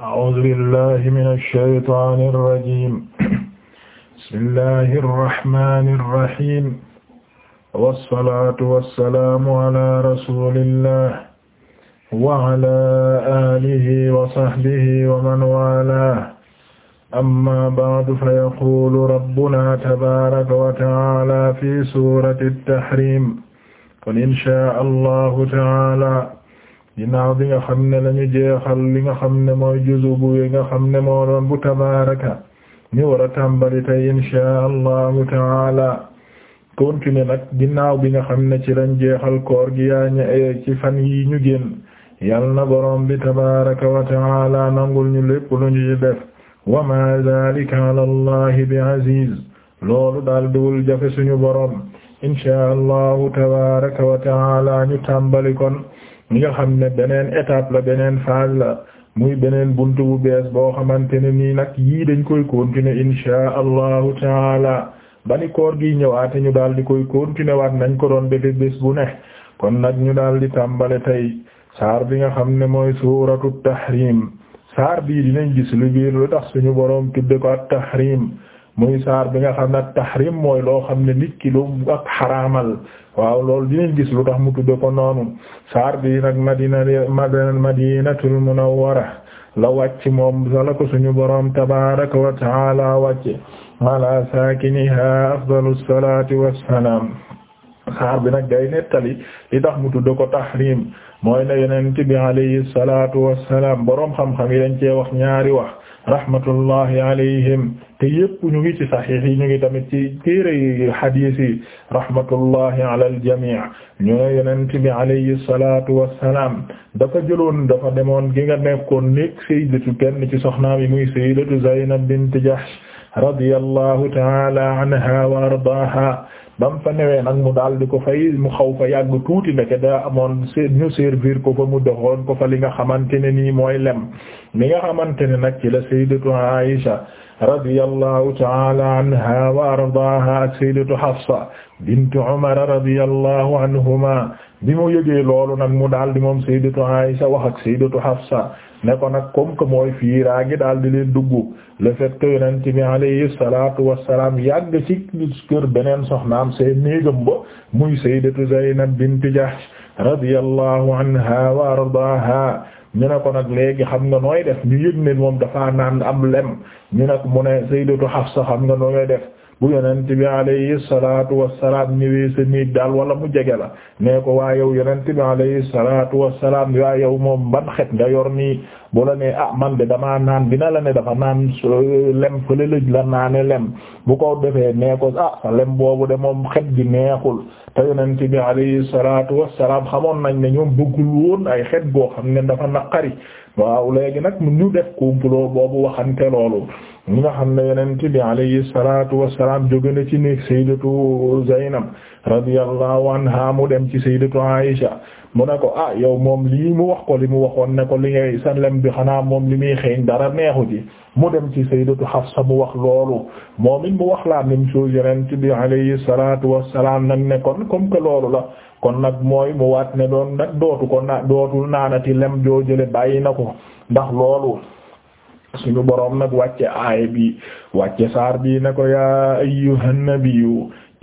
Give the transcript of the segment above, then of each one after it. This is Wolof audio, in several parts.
أعوذ بالله من الشيطان الرجيم بسم الله الرحمن الرحيم والصلاة والسلام على رسول الله وعلى آله وصحبه ومن والاه أما بعد فيقول ربنا تبارك وتعالى في سورة التحريم قل إن شاء الله تعالى ginnaaw bi nga xam ne lañu jeexal li nga xam ne mooy juzu bu nga xam ne moo doon bu tabaraka ñu war a tàmbali tey inshaa allahu taala continuer nag ginnaaw bi nga xam ne ci lañ jeexal koor gi yaa ñe eh, ci fan yi ñu génn yal na boroom bi tabaraka wa taala nangul ñu lépp lu ñu def wa ma dalika ala allahi bi aziz loolu daal diwul jafe suñu boroom inshaa allahu tabaraka wa taala ñu tàmbali kon ñi nga xam ne beneen étape la beneen phase la muy beneen buntu bu bees boo xamante ne nii nag yii dañ koy continuer insha allahu taala bani koor gi ñëwaate ñu daal di koy continuer waat nañ ko doon defe bés bu ne kon nag ñu daal di tàmbale tey saar bi nga xam ne mooy suuratu tahrim saar bii dinañ gis lu biir lu tax suñu boroom tudde ko at tahrim muy saar bi nga xam ne tahrim mooy loo xam ne nit ki lu ak xaraamal waaw lool dinañ gis lu tax mu tudde ko noonu saar bi nag madina madinatul munawwara la wàcc moom sala ko suñu boroom tabaraka wa taala wàcce ala saakiniha afdalus salaati wassalaam saar bi nag day nettali li tax mu tudde ko tahrim mooy ne yonent bi alayhi salaatu salaam boroom xam-xam yi wax ñaari wax rahmatullahi alayhim te yëpp ñu ngi ci saxiix yi ñu ngi tamit ci téere xadiis yi rahmatullahi ala aljamii ñu ne yonent bi alayhi salaatu wassalaam dafa jëloon dafa demoon gi nga nekkoon nekk sayyidatu kenn ci soxnaam yi muy sayyidatu Zaynab bint Jahsh radiyallahu ta'ala anha wa ardaaha ba mu fa newee nag mu daal di ko fay mu xaw fa yàgg tuuti ndeke daa amoon ñu servir ko fa mu doxoon ko fa li nga xamante ne nii mooy lem mi nga xamante ne nag ci la sayyidatu Aisha radiyallahu ta'ala anha wa ardaaha ak sayyidatu Hafsa bintu Umar radiyallahu anhuma bi mu yëgee loolu nag mu daal di moom sayyidatu Aisha wax ak sayyidatu Hafsa ne ko nag kom que mooy fiiraa gi daal di leen dugg le fait que yonent bi alayhi salaatu wassalaam yàgg ci kër beneen soxnaam seen néegam ba muy sayyidatu Zaynab bint Jahsh radiyallahu anha wa ardaaha ñu ne ko nag léegi xam nga nooy def ñu yëg ne moom dafa naan am lem ñu ne mu ne sayyidatu Hafsa xam nga nooy def bu yonent bi alayhi salaatu wassalaam ñëwee sa néeg daal wala mu jege la nee ko waa yow yonent bi alayhi salaatu wassalaam waa yow moom ban xet nga yor nii bu la nee ah man de damaa naan dina la ne dafa naan euh, lem fële lëj la naane lem bu ko defee ne ko ah sa lem boobu de moom xet gi neexul te yonent bi alayhi salaatu wassalaam xamoon nañ ne ñoom bëggul woon ay xet goo xam ne dafa na naqari waaw léegi nag ñu def complot boobu waxante loolu ñi nga xam ne yonent bi alayhi salaatu wassalaam jóge na ci néeg sayyidatu Zaynab radiyallahu anha mu dem ci sayyidatu Aisha mu ne ko ah yow moom lii mu wax ko li mu waxoon ne ko li ngay bi xanaa moom li muy xeeñ dara neexu ci mu dem ci sayyidatu Hafsa mu wax loolu moom mu wax la même chose yonent bi alayhi salaatu wassalaam nag ne kon comme que loolu la. kon nag mooy mu waat ne doon nag dootu ko na dootul naanati lem joojële bàyyi na ko ndax loolu suñu boroom nag wàcce aaya bi wàcce saar bi na ko yaa ayyuhan yu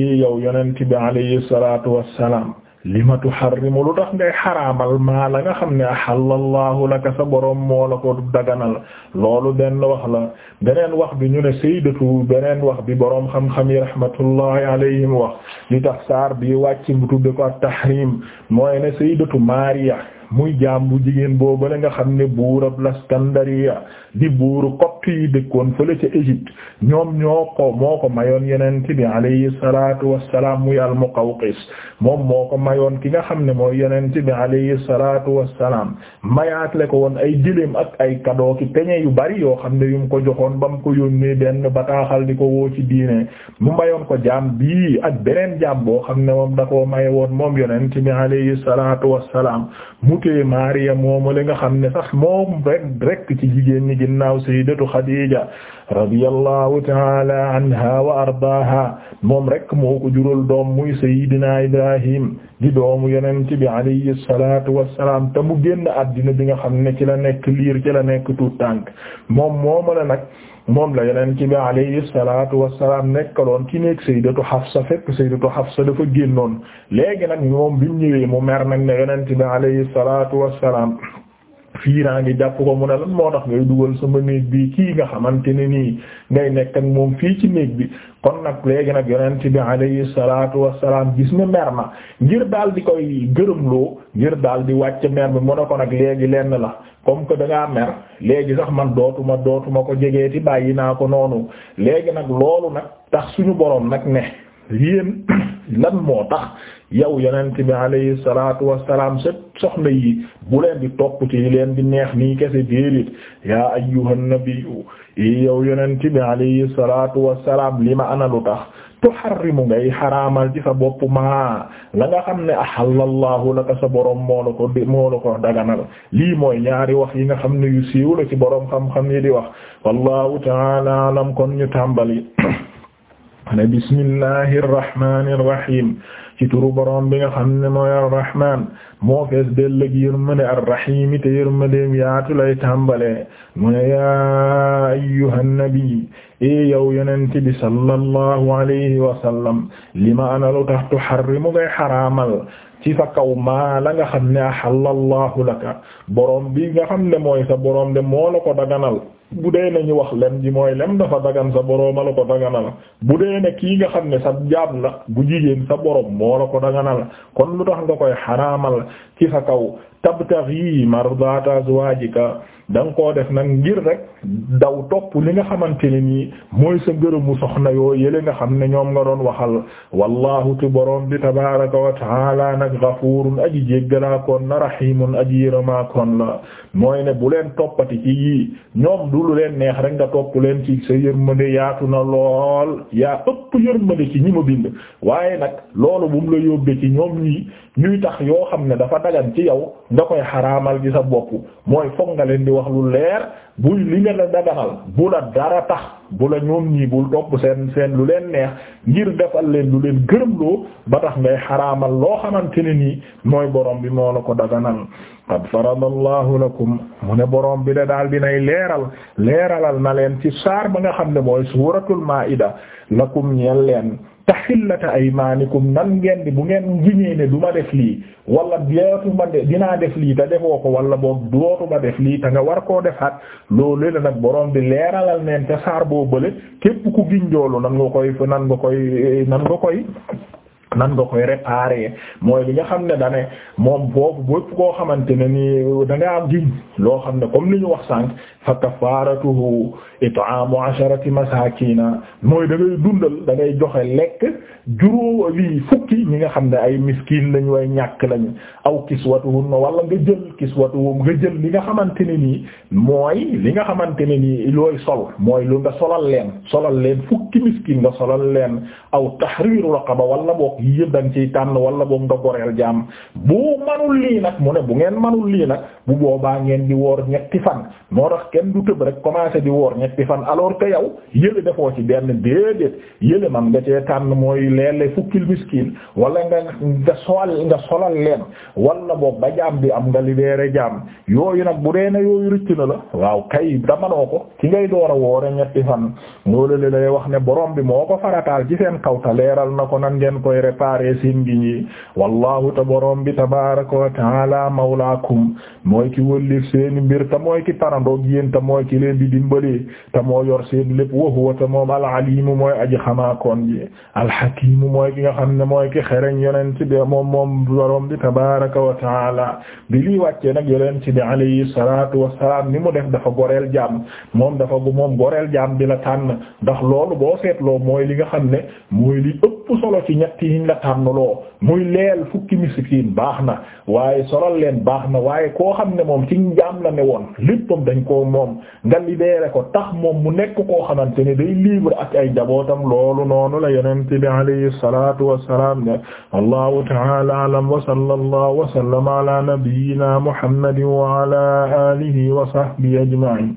i yow yonent bi alayhi salaatu wassalaam lima tuharrimu lu tax ngay xaraamal maa la nga xam ne ahallallahu laka sa borom moo la ko daganal loolu benn wax la beneen wax bi ñu ne sayyidatu beneen wax bi borom xam-xam yi rahmatullahi alayhim wax li tax saar bi wàcc mu tudde ko at-tahrim mooy ne sayyidatu Mariya muy jaam bu jigéen boobale nga xam ne la Laskandariya di buur kopti yi dëkkoon fële ca Égypte ñoom ñoo ko moo ko mayoon yonent bi alayhi salaatu wassalaam muy al-Muqawqis moom moo ko mayoon ki nga xam ne mooy yonent bi alayhi salaatu wassalaam mayaatle ko woon ay jëléem ak ay cadeau ki peñe yu bari yoo xam ne yu mu ko joxoon ba mu ko yónnee benn bataaxal di ko woo ci diine mu mayoon ko jaam bii ak beneen jaam boo xam ne moom da koo maye woon moom yonent bi alayhi salaatu wassalaam wutee Maariya moom la nga xam ne sax moom rek rek ci jigéen ñi ginnaaw Sayyidatu Xadiija radiyallahu taala anha wa ardaaha moom rek moo ko jural doom muy sayyidina Ibrahim di doomu yonent bi alayhi salaatu wassalaam te mu génn àddina bi nga xam ne ci la nekk liir ci la nekk tuut tànk moom mooma la nag moom la yonent bi alayhi salaatu wassalaam nekkaloon ci nekk sayyidatu Hafsa fekk sayyidatu Hafsa dafa génnoon léegi nag moom bi mu ñëwee mu mer nag ne yonent bi alayhi salaatu wassalaam fiiraa ngi jàpp ko mu ne lan moo tax ngay dugal sama néeg bi kii nga xamante ne nii ngay nekk ak moom fii ci néeg bi kon nag léegi nag yonent bi alayhi salaatu salaam gis ne mer na ngir daal di koy gërëmloo ngir daal di wàcc mer bi mu ne ko nag léegi lenn la comme que da ngaa mer léegi sax man dootuma dootuma ko jegeeti bàyyi naa ko noonu léegi nag loolu nag tax suñu boroom nag ne yéen lan moo tax yow yonent bi alayhi salaatu wassalaam sa soxna yi bu leen di topp ci leen di neex nii kese déedéet yaa ayyuhan nabiyyu yow yonent bi alayhi salaatu wassalaam li ma ana lu tax tuharrimu ngay xaraamal ci sa bopp maa la nga xam ne ahallallahu laka sa borom moo ko moo la ko daganal lii mooy ñaari wax yi nga xam ne yu siiw la ci boroom xam-xam yi di wax wallahu ta'ala alam kon ñu tàmbali ne bismillahi irrahmani irrahim ci turu boroom bi nga xam ne mooy arrahman moo fees dellëg yërmande arrahim te yërmandeem yaatu lay tàmbale mu ne yaa ayyuha nnabi e yow yonente bi sallallahu alayhi wa sallam lima analu tax tuharrimu ngay xaraamal ci sa kaw maa la nga xam ne axalla laka boroom bi nga xam ne mooy sa boroom de moo ko daganal bu dee nañu wax lem ji mooy lem dafa dagan sa borooma la ko dagana la bu dee ne kii nga xam ne sa jaam la bu jigéen sa boroom moo la ko dagana la kon lu tax nga koy xaraamal ci sa kaw tabtaghi mardata azwajika da nga koo def nag ngir rek daw topp li nga xamante ne nii mooy sa ngërëmu soxna yoo yële nga xam ne ñoom nga doon waxal wallahu tu borom bi wa taala nag ghafurun aji jéggalaakoon na rahimun aji yërëmaakoon la mooy ne bu leen toppati ci du lu leen neex rek nga topp leen ci sa yërmande yaatu na lool yaa ëpp yërmande ci ñi ma bind waaye nag loolu bu mu la yóbbee ci ñoom ñii ñuy tax yoo xam ne dafa dagan ci yow nga koy xaraamal ci sa bopp mooy foog nga leen di wax lu leer buy li nga la daganal bu la dara tax bu la ñoom ñii bul topp seen seen lu leen neex ngir defal leen lu leen gërëmloo ba tax ngay xaraamal loo xamante ne nii mooy borom bi moo la ko daganal qad faradallahu lakum mu ne borom bi da daal dinay leeral leeralal na leen ci saar ba nga xam ne mooy suuratul maa'ida lakum ñeel leen taxillata aymaanikum nan ngeen di bu ngeen giñee ne du ma def lii wala dootu ma dinaa def lii te defoo ko wala boog dootu ma def lii te nga war koo defaat loolu la nag borom bi leeralal neen te saar boo bële képp ku giñ joolu nan nga koy nan nga koy eh, nan nga koy nan nga koy réparer mooy li nga xam ne dane moom boobu bépp xamante ne ni da nga am giñ loo xam ne comme li ñu wax sànq fa kafaratuhu it'amu asharati masakina mooy da ngay dundal da ngay joxe lekk juróo lii fukki ñi nga xam ne ay miskin lañ way ñàkk lañ aw kiswatuhum wala nga jël kiswatuhum nga jël li nga xamante ne nii mooy li nga xamante ne nii looy sol mooy lu nga solal leen solal leen fukki miskin nga solal leen aw tahriru raqaba wala bokk yi da nga ciy tànn wala boog nga goreel jaam bu manul lii nag mu ne bu ngeen manul lii nag bu boobaa ngeen di woor ñetti fan moo tax kenn du tëb rek commencé di woor ñetti fan alors que yow yële defoo ci benn déedéet yële man nga cee tànn mooy leele fukkil miskiin wala nga nga sol nga solal leen wala boog ba jaam bi am nga libéré jaam yooyu bu dee na la waaw kay damanoo ko ci ngay door a woore ñetti fan loolu lay wax ne borom bi moo ko farataal ci seen kaw ta na ko nan ngeen koy réparer seen ngiñ yi wallahu te borom bi tabaraka wa taala mawlaakum mooy ki wëllif seen mbir te mooy ki parandoog yéen te mooy ki leen di dimbali te moo yor seen lépp wa huwa te moom alalimu mooy aji xamaakoon ji alhakimu mooy ki nga xam ne mooy ki xereñ yonent bi moom moom borom bi tabaraka wa taala nag yonent bi alayhi ni mu def dafa goreel jaam moom dafa moom goreel jaam bi la tànn ndax loolu boo seetloo mooy li nga xam ne mooy li ëpp ëpp solo ci ñett yiñ la tànnaloo muy leel fukki miskin baax na waaye solo leen baax na waaye koo xam ne moom ci njaam la ne woon léppam dañ koo moom nga libéré ko tax moom mu nekk koo xamante ne day libre ak ay jabootam loolu noonu la yonent bi alayhi salatu wassalam ne allahu ta'ala a'lam wa sallallahu wa sallama ala nabiyyina muhammadin wa ala alihi wa sahbihi ajma'in